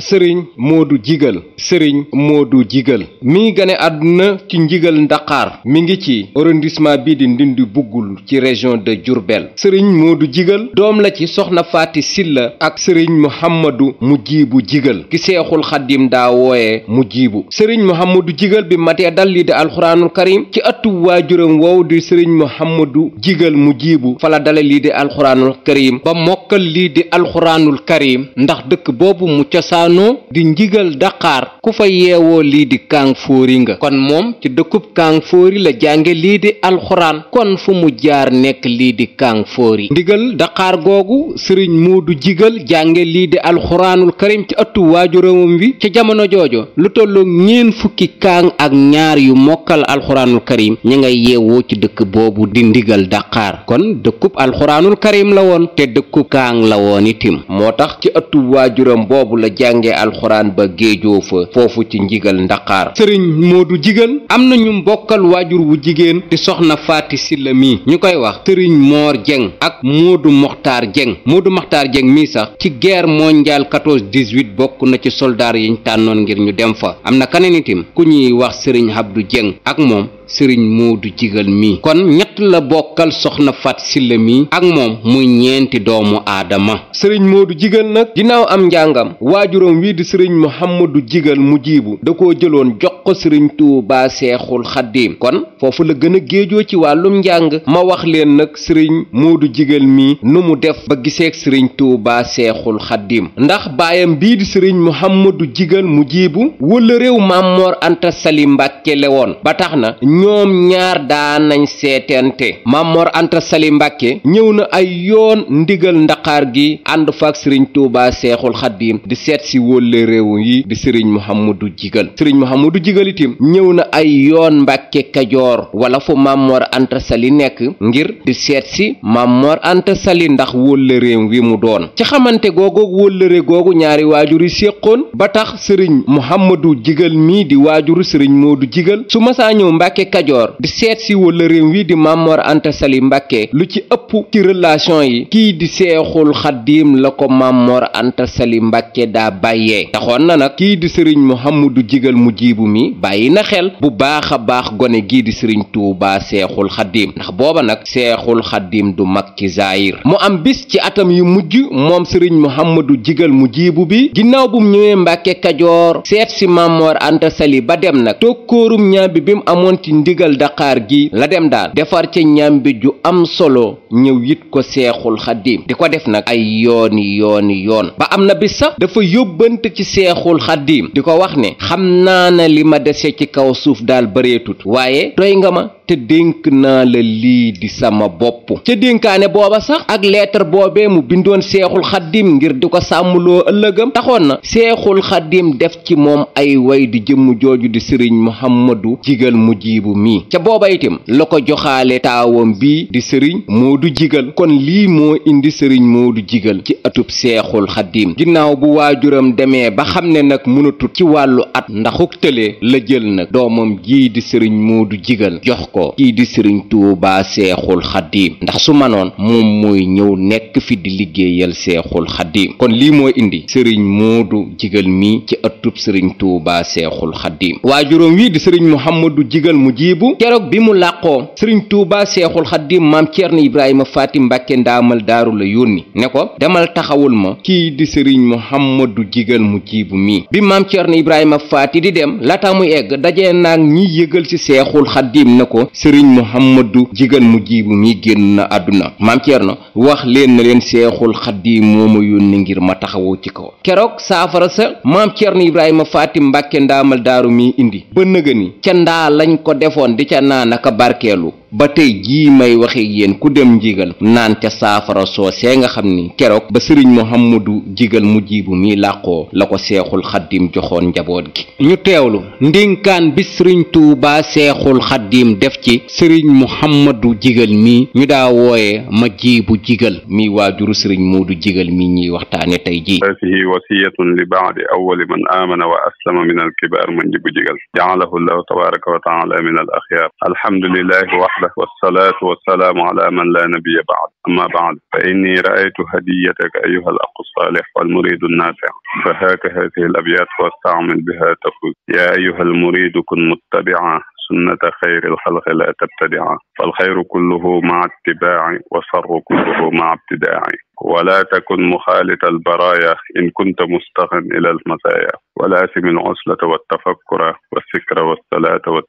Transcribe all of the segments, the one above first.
sëriñ moodu jigal sëriñ moodu jigal mi ngi gane àdduna ci njigal ndaqaar mi ngi ci arrondissement bi di ndindi buggul ci région de Diourbel sëriñ du jigal doom la ci soxna faati silla ak sëriñ muhammadu mujjibu jigal ki seexul xaddim daa wooye mujjibu sëriñ muhammadu jigal bi matee dal lii di alxuraanul karim ci ëttu waajuram wow di sëriñ muhammadu jigal mujjibu fala dale lii di alxuraanul karim ba mokkal lii di alxuraanul karim ndax dëkk boobu mu cosaan daanu di njigal daqaar ku fa yeewoo lii di kàng fóori nga kon moom ci dëkkub kàng fóori la jànge lii di alxuraan kon fu mu jaar nekk lii di kàng fóori ndigal daqaar googu sëriñ du jigal jànge lii di alxuraanul karim ci ëttu waajuramam wi ca jamono joojo lu tollook ñeen fukki kàng ak ñaar yu mokkal alxuraanul karim ñi nga yeewoo ci dëkk boobu di ndigal daqaar kon dëkkub alxuraanul karim la woon te dëkkub kàng la woon itim moo tax ci ëttu waajuram boobu la jàng jànge alxuraan ba géejoo fa foofu ci njigal ndaqaar sëriñ moodu jigal am na ñu mbokkal waajur wu jigéen di soxna faati silla mi ñu koy wax sëriñ moor jeng ak moodu moxtaar jeng moodu moxtaar jeng mii sax ci guerre mondiale 14 18 bokk na ci soldaar yiñ tànnoon ngir ñu dem fa am na kaneen ku ñuy wax sëriñ abdu jeng ak moom sëriñ moodu jigal mi kon ñett la bokkal soxna Fat Silla mi ak moom muy ñeenti doomu aadama sëriñ Modou Jigal nag ginnaaw am njàngam waajuram wii di sëriñ Mouhamadou Jigal mu jiibu da koo jëloon jox ko sëriñ Tuubaa Seexul Xaddiim kon foofu la gën a géejoo ci wàllum njàng ma wax leen nag sëriñ Modou Jigal mi nu mu def ba giseek sëriñ Tuubaa Seexul Xaddiim ndax baayam bii di sëriñ Mouhamadou Jigal mu jiibu wala réew Maam Moor Anta Sali Mbàkke la ba tax na ñoom ñaar daanañ seeteen jàppante maam Mor Anta Sali Mbàkke ñëw na ay yoon ndigal ndaxaar gi ànd faak sëriñ Tuubaa Seexul Xaddiim di seet si wólle réew yi di sëriñ Muhammadu Jigal sëriñ Muhammadu Jigal itim ñëw na ay yoon Mbàkke Kajoor wala fu maam Mor Sali nekk ngir di seet si maam Mor Anta Sali ndax wólle réew wi mu doon ci xamante googu wóllëre googu ñaari waajur yi séqoon ba tax sëriñ Muhammadu Jigal mii di waajuru sëriñ Moodu Jigal su masaa ñëw Mbàkke Kajoor di seet si wólle réew wi Mamor Anta Sali Mbàkke lu ci ëpp ci yi kii di seexul xaddiim la ko Mamor Anta Sali Mbàkke daa bàyyee taxoon na nag kii di sëriñ Muhammadu Jigal Mujiibu mi bàyyi na xel bu baax a baax gone gii di sëriñ Tuubaa seexul xaddiim ndax booba nag seexul xaddiim du mag ci mu am bis ci atam yi mujj moom sëriñ Muhammadu Jigal Mujiibu bi ginnaaw bu mu ñëwee Mbàkke Kajoor seet si Mamor Anta Sali ba dem nag tokkoorum ñaabi bi mu amoon ci ndigal Daqaar gi la dem daal defar ca ñàmbi ju am solo ñëw yit ko seexul xaddiim di ko def nag ay yooni yooni yoon ba am na bi sax dafa yóbbante ci seexul xaddiim di ko wax ne xam naa na li ma dese ci kaw suuf daal bareetut waaye doy nga ma te dénk naa la lii di sama bopp ca dénkaane booba sax ak lettre boobe mu bindoon seexul xaddiim ngir di ko sàmmloo ëllëgam taxoon na seexul xaddiim def ci moom ay way di jëmm jooju di sëriñ muhammadu jigal mu jiibu mii ca booba itam la ko joxaale ne taawam bi di sëriñ du jigal kon lii moo indi sëriñ du jigal ci atub seexul xaddiim ginnaaw bu waajuram demee ba xam ne nag mënatul ci wàllu at ndaxuk tële la jël nag doomam jii di sëriñ du jigal jox ko kii di sëriñ tuubaa seexul xaddiim ndax su manoon moom mooy ñëw nekk fi di liggéeyal seexul xaddiim kon lii moo indi sëriñ moodu jigal mi ëttub sëriñ tuuba seexul xaddiim waajuróom wii di sëriñ muhammadu jigal mu jiibu keroog bi mu làqoo sëriñ tuuba seexul xaddiim maam ceerno ibrahima faati mbàkke ndaamal daaru la yónni ne ko demal taxawul ma kii di sëriñ muhammadu jigal mu jiibu mii bi maam ceerno ibrahima faati di dem laata mu egg dajee naag ñi yëgal ci seexul xaddiim ne ko sëriñ muhammadu jigal mu jiibu mii génn na àdduna maam na wax leen na leen seexul xaddiim moo ma ngir ma taxawoo ci kaw Ceerno Ibrahima faati mbakke ndaamal daaru mi indi ba nëgëni ca ndaa lañ ko defoon di ca naan aka barkeelu ba tey jii may waxee yéen ku dem njigal naan ca saafara soosee nga xam ni keroog ba sëriñ Muhammadu jigal mu jiibu mi làqoo la ko seexul xaddim joxoon njaboot gi ñu teewlu ndinkaan bi sëriñ Tuubaa seexul xaddim def ci sëriñ Muhammadu jigal mi ñu daa wooye ma jiibu jigal mi waajuru sëriñ Moodu jigal mi ñuy waxtaane tey jii haadihi wasiyatun li baadi awwali man aamana wa aslama min alkibaar man jibu jigal jaalahu llahu wa taala min al axyaar alhamdulillahi له والصلاة والسلام على من لا نبي بعد أما بعد فإني رأيت هديتك أيها الأخ الصالح والمريد النافع فهاك هذه الأبيات واستعمل بها تفوز يا أيها المريد كن متبعا سنة خير الخلق لا تبتدعا فالخير كله مع اتباعي والشر كله مع ابتداعي ولا تكن مخالط البرايا إن كنت مستغن إلى المزايا walaasi min oslata wa tafakkura wa sikra wa salaata wa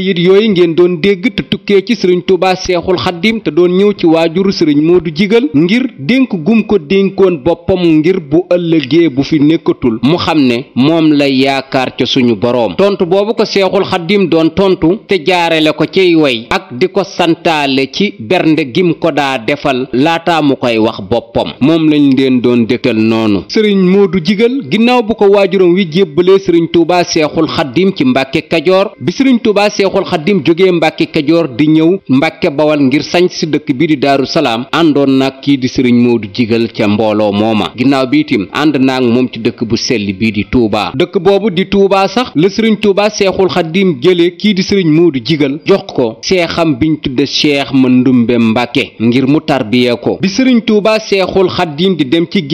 yooyu ngeen doon dégg te tukkee ci sëriñ tubaa seexul xaddim te doon ñëw ci waajuru sëriñ moo du jigal ngir dénk gum ko dénkoon boppam ngir bu ëllëgee bu fi nekkatul mu xam ne moom lay yaakaar ca suñu boroom tontu boobu ko seexul xaddim doon tontu te jaarale ko ciy way ak di ko santaale ci bernde gim ko daa defal laataa mu koy wax boppam moom lañ leen doon dëkkal noonu sëriñ moodu jigal ginnaaw bu ko waajur waajuram wi jébbalee sëriñ tuuba seexul xaddim ci mbàkke kajoor bi sëriñ tuuba seexul xaddim jógee mbàkke kajoor di ñëw mbàkke bawal ngir sañc si dëkk bi di daaru salaam àndoon nag kii di sëriñ moo moodu jigal ca mbooloo mooma ginnaaw bi itim ànd naag moom ci dëkk bu sell bii di tuuba dëkk boobu di tuuba sax la sëriñ tuuba seexul xaddim jëlee kii di sëriñ moo moodu jigal jox ko seexam biñ tudde cheikh mandumbe mbàkke ngir mu tarbiye ko bi sëriñ tuuba seexul xaddim di dem ci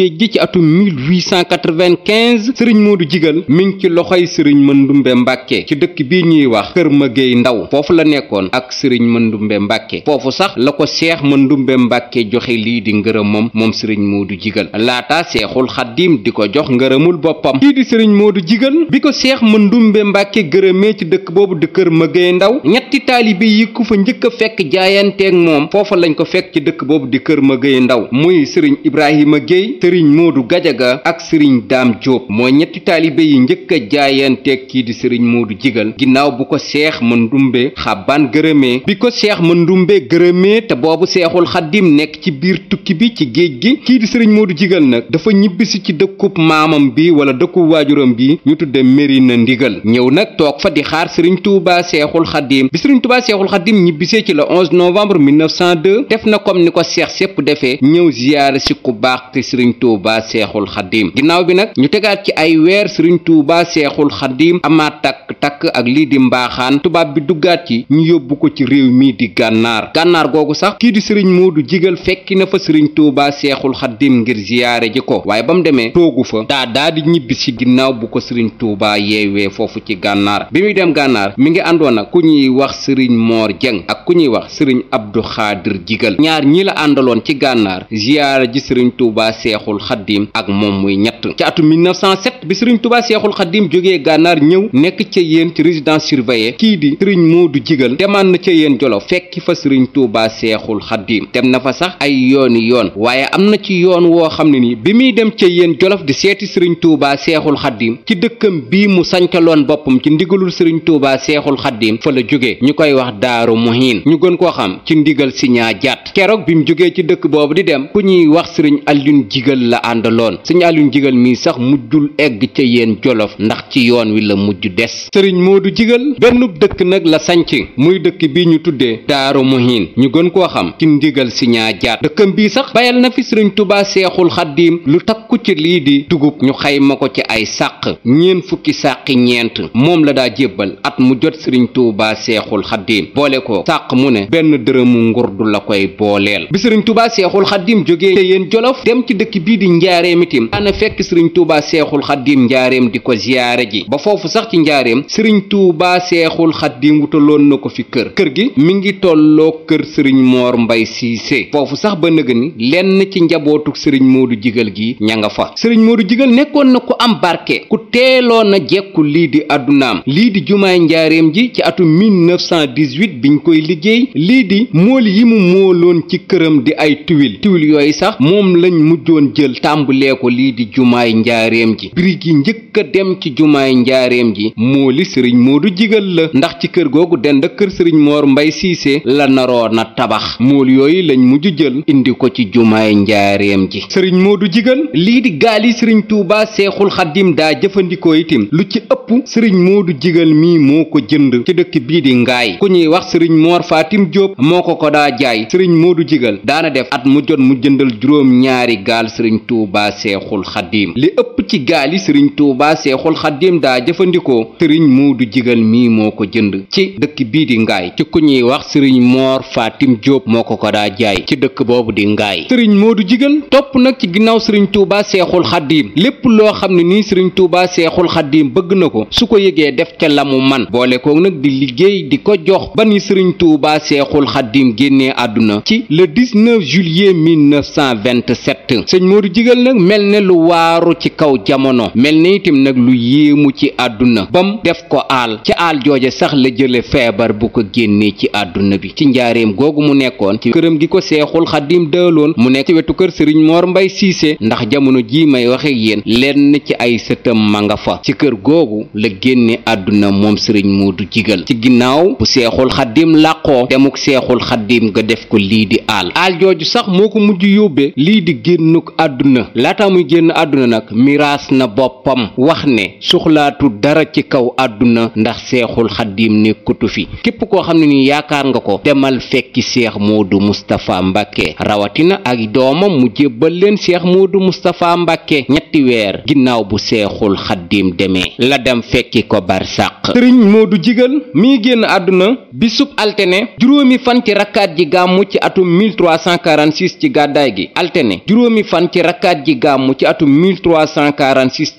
Moodu Jigal mi ngi ci loxoy sëriñ Mandumbe Mbàkke ci dëkk bi ñuy wax Kër Magéey Ndaw foofu la nekkoon ak sëriñ Mandumbe Mbàkke foofu sax la ko seex Mandumbe Mbàkke joxe lii di ngërëmam moom sëriñ Moodu Jigal laata seexul xaddiim di ko jox ngërëmul boppam lii di sëriñ Moodu Jigal bi ko seex Mandumbe Mbàkke gërëmee ci dëkk boobu di Kër ma Magéey Ndaw ñetti taalibe yi ku fa njëkk a fekk jaayanteeg moom foofa lañ ko fekk ci dëkk boobu di Kër ma Magéey Ndaw muy sëriñ Ibrahima Géey sëriñ Moodu Gajaga ak sëriñ Daam Jóob mooy ñetti taalibe yi njëkk a jaayanteeg kii di sëriñ Modou Jigal ginnaaw bu ko seex Mandumbe xabaan gërëmee bi ko seex Mandumbe gërëmee te boobu seexul xaddim nekk ci biir tukki bi ci géej gi kii di sëriñ Modou Jigal nag dafa ñibbisi ci dëkkub maamam bi wala dëkkub waajuram bi ñu tudde Mérina Ndigal ñëw nag toog fa di xaar sëriñ Touba seexul xaddim bi sëriñ Touba seexul xaddim ñibbisee ci le 11 novembre 1902 def na comme ni ko seex sépp defee ñëw ziyaare si ku baax te sëriñ Touba seexul xaddim ginnaaw bi weer sëriñ tuuba seexul xadim amaat takk-takk ak lii di mbaaxaan tubaab bi duggaat ci ñu yóbbu ko ci réew mii di gànnaar gànnaar googu sax kii di sëriñ du jigal fekki na fa sëriñ tuuba seexul xadim ngir ziyaare ji ko waaye ba mu demee toogu fa daa daa di ñibbi ginnaaw bu ko sëriñ tuuba yeewee foofu ci gànnaar bi muy dem gànnaar mi ngi àndoon ak ku ñuy wax sëriñ moor jëng ak ku ñuy wax sëriñ abdu xaadir jigal ñaar ñi la àndaloon ci gànnaar ziyaare ji sëriñ tuuba seexul xadim ak sëriñ tubaa seexul xaddim jógee gànnaar ñëw nekk ca yéen ci résidence surveillée kii di sëriñ moodu jigal demaan na ca yéen jolof fekki fa sëriñ tuubaa seexul xaddim dem na fa sax ay yooni yoon waaye am na ci yoon woo xam ne ni bi muy dem ca yéen jolof di seeti sëriñ tuubaa seexul xaddim ci dëkkam bii mu sancaloon boppam ci ndigalul sëriñ tuubaa seexul xaddim fa la jóge ñu koy wax daaru muhin ñu gën koo xam ci ndigal siñaa ñaa jaat keroog bi mu jógee ci dëkk boobu di dem ku ñuy wax sëriñ Alioune jigal la àndaloon ca yéen jolof ndax ci yoon wi la mujj des sëriñ moo moodu jigal bennub dëkk nag la sanc muy dëkk bi ñu tuddee daaru muhin ñu gën koo xam ci ndigal si ñaa jaat dëkkam bii sax bayal na fi sëriñ tubaa seexul xaddiim lu takku ci lii di dugub ñu xayma ko ci ay sàq ñeen fukki sàqi ñeent moom la daa jébbal at mu jot sëriñ tuubaa seexul xaddiim boole ko sàq mu ne benn dërëmu du la koy booleel bi sëriñ tubaa seexul xaddiim jógee ca yéen jolof dem ci dëkk njaareem di ko ziyaare ji ba foofu sax ci njaareem sëriñ tuubaa seexul xat di wutaloon na ko fi kër kër gi mu ngi tolloo kër sëriñ moor mbay siise foofu sax ba nëga ni lenn ci njabootu sëriñ moodu jigal gi ña nga fa sëriñ moodu jigal nekkoon na ku am barke ku teeloon na jekku lii di àddunaam lii di jumaay njaareem ji ci atum bi biñ koy liggéey lii di mool yi mu mooloon ci këram di ay tuwil tuwil yooyu sax moom lañ mujjoon jël tàmbalee ko lii di jumaay njaareem gi njëkk a dem ci jumaay njaareem ji moo li moo du jigal la ndax ci kër googu dend kër sëriñ moor mbay siise la naroon a tabax mool yooyu lañ mujj jël indi ko ci jumaay njaareem ji sëriñ moo du jigal lii di gaali sëriñ tuuba seexul xaddim daa jëfandikoo itim lu ci ëpp sëriñ moo du jigal mii moo ko jënd ci dëkk bii di ngaay ku ñuy wax sëriñ moor faatim jóob moo ko ko daa jaay sëriñ moo du jigal daana def at mu jot mu jëndal juróom ñaari gaal sëriñ tuuba sëriñ Touba Seexul Xaddim daa jëfandikoo sëriñ Muudu Jigal mii moo ko jënd ci dëkk bii di Ngaay ci ko ñuy wax sëriñ Moor faatim Jóob moo ko ko daa jaay ci dëkk boobu di Ngaay sëriñ Muudu Jigal topp nag ci ginnaaw sëriñ Touba Seexul Xaddim lépp loo xam ne nii sëriñ Touba Seexul Xaddim bëgg na ko su ko yëgee def ca la mu man boole ko nag di liggéey di ko jox ba ni sëriñ Touba Seexul Xaddim génnee àdduna ci le 19 juillet 1927 sëñ Moodu Jigal nag mel ne lu waaru ci kaw jamono mel na itam nag lu yéemu ci àdduna bam def ko al ci aal jooje sax la jële feebar bu ko génnee ci àdduna bi ci njaareem googu mu nekkoon ci këram gi ko seexul xaddim dëloon mu nekk ci wetu kër sëriñ moor Mbay Siise ndax jamono jii may waxe yéen lenn ci ay sëtam ma nga fa ci kër googu la génne àdduna moom sëriñ Moodu Jigal ci ginnaaw bu seexul xaddim làqoo demuk seexul xaddim nga def ko lii di aal aal jooju sax moo ko mujj yóbbee lii di génnuk àdduna laata muy nag boppam wax ne soxlaatu dara ci kaw àdduna ndax seexul xaddiim nekkutu fi képp koo xam ne ni yaakaar nga ko demal fekki seex moodu mustapha mbàkke rawatina ak doomam mu jébbal leen seex moodu mustapha mbàkke ñetti weer ginnaaw bu seexul xaddiim demee la dem fekki ko barsàq sëriñ moodu jigal mi génn àdduna bisub altene juróomi fan ci rakkaat ji gàmmu ci atum 1346 ci gàddaay gi altene juróomi fan ci rakkaat ji gàmmu ci atum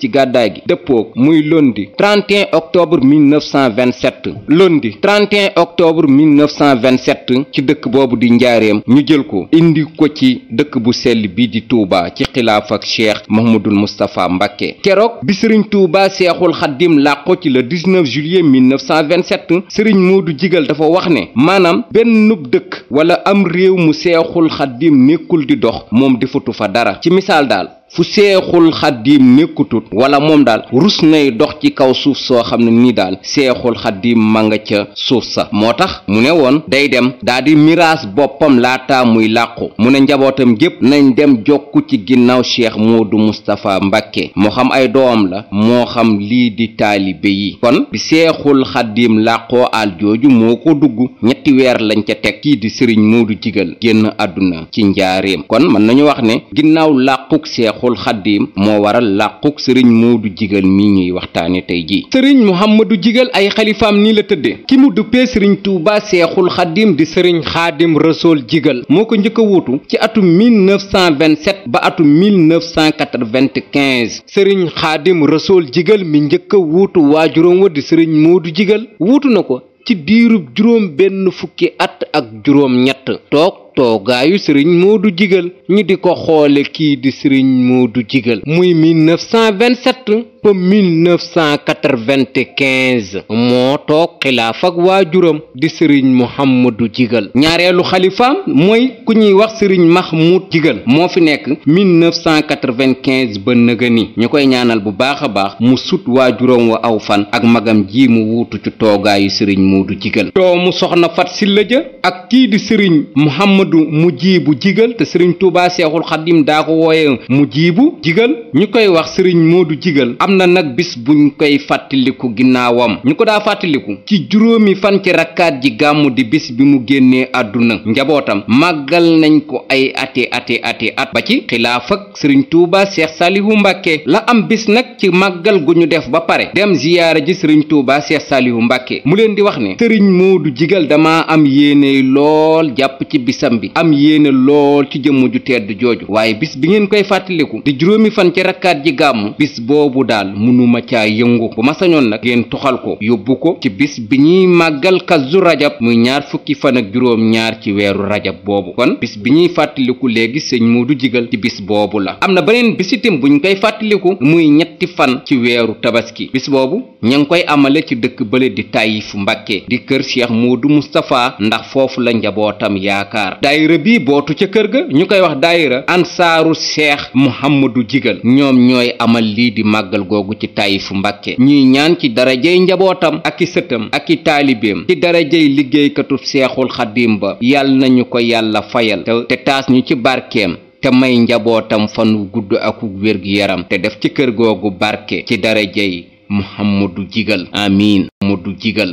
ci gàddaay gi dëppoog muy lundi 31 octobre 1927 lundi 31 octobre 1927 ci dëkk boobu di njaareem ñu jël ko indi ko ci dëkk bu sell bii di Touba ci xilaaf ak Cheikh Mouhamadul Moustapha Mbacké keroog bi sëriñ Touba Seexul Xaddim làqu ci le 19 juillet 1927 sëriñ Moodu Jigal dafa wax ne maanaam bennub dëkk wala am réew mu Seexul Xaddim nekkul di dox moom di defatu fa dara ci misaal daal fu seexul xaddiim nekkutut wala moom daal rus nay dox ci kaw suuf soo xam ne ni daal seexul xaddiim ma nga ca suuf sa moo tax mu ne woon day dem daa di miraas boppam laata muy làqu mu ne njabootam gépp nañ dem jokku ci ginnaaw cheikh du mustapha mbàkke moo xam ay doom la moo xam lii di taalibe yi kon bi seexul xaddiim làqoo al jooju moo ko dugg ñetti weer lañ ca teg kii di sëriñ Moodu Jigal génn àdduna ci njaareem kon mën nañu wax ne ginnaaw làquk seexul xaddiim moo waral làquk sëriñ du Jigal mi ñuy waxtaane tey ji sëriñ Muhammadu Jigal ay xalifaam nii la tëdde ki mu duppee sëriñ Tuubaa seexul xaddiim di sëriñ xaadim Rasuul Jigal moo ko njëkk a wuutu ci atum 1927 ba atum 1995 sëriñ xaadim Rasuul Jigal mi njëkk a wuutu waajuróom wa di sëriñ du Jigal wuutu na ko ci diirub juróom benn fukki at ak juróom ñett toog toogaayu sëriñ Modou Djiguel ñu di ko xoole kii di sëriñ du Djiguel muy 1927 ba 1995 moo toog xilaaf ak waajuram di sëriñ Mouhamadou jigal ñaareelu xalifaam mooy ku ñuy wax sëriñ Mahmoud Djiguel moo fi nekk 1995 ba nëgëni ñu koy ñaanal bu baax a baax mu sut waajuram wa aw fan ak magam ji mu wuutu ci toogaayu sëriñ Modou Djiguel doomu soxna Fat Silla ja ak kii di sëriñ Mouhamadou Ahmadu Mujibu Jigal te Serigne Touba Seexul Xadim daa ko wooye Mujibu Jigal ñu koy wax Serigne Modou Jigal am na nag bis buñ koy fàttaliku ginnaawam ñu ko daa fàttaliku ci juróomi fan ci rakkaat ji gàmmu di bis bi mu génnee àdduna njabootam màggal nañ ko ay ati ati at ba ci xilaaf Touba Seex Salihu Mbàkke la am bis nag ci màggal gu ñu def ba pare dem ziyaara ji Serigne Touba Seex Salihu Mbàkke mu leen di wax ne Serigne Modou Jigal dama am yéene lool jàpp ci bisam xalaatam bi am yéene lool ci jëmm ju tedd jooju waaye bis bi ngeen koy fàttaliku di juróomi fan ci rakkaat ji gàmmu bis boobu daal mënuma caa yëngu bu ma sañoon nag ngeen toxal ko yóbbu ko ci bis bi ñuy màggal kazu rajab muy ñaar fukki fan ak juróom ñaar ci weeru rajab boobu kon bis bi ñuy fàttaliku léegi sëñ du Jigal ci bis boobu la am na beneen bis bu buñ koy fàttaliku muy ñetti fan ci weeru tabaski bis boobu ña ngi koy amale ci dëkk bële di Taïf Mbàkke di kër Cheikh Moodu Moustapha ndax la njabootam yaakaar daayira bi bootu ca kër ga ñu koy wax daayira ansaaru seex muhammadu jigal ñoom ñooy amal lii di màggal googu ci taayifu mbàkke ñuy ñaan ci darajey njabootam ak i sëtam ak i taalibeem ci darajey liggéeykatu seexul xadim ba yàll nañu ko yàlla fayal te taas ñu ci barkeem te may njabootam fan wu gudd ak gi yaram te def ci kër googu barke ci darajey muhammadu jigal amiin muhammadu jigal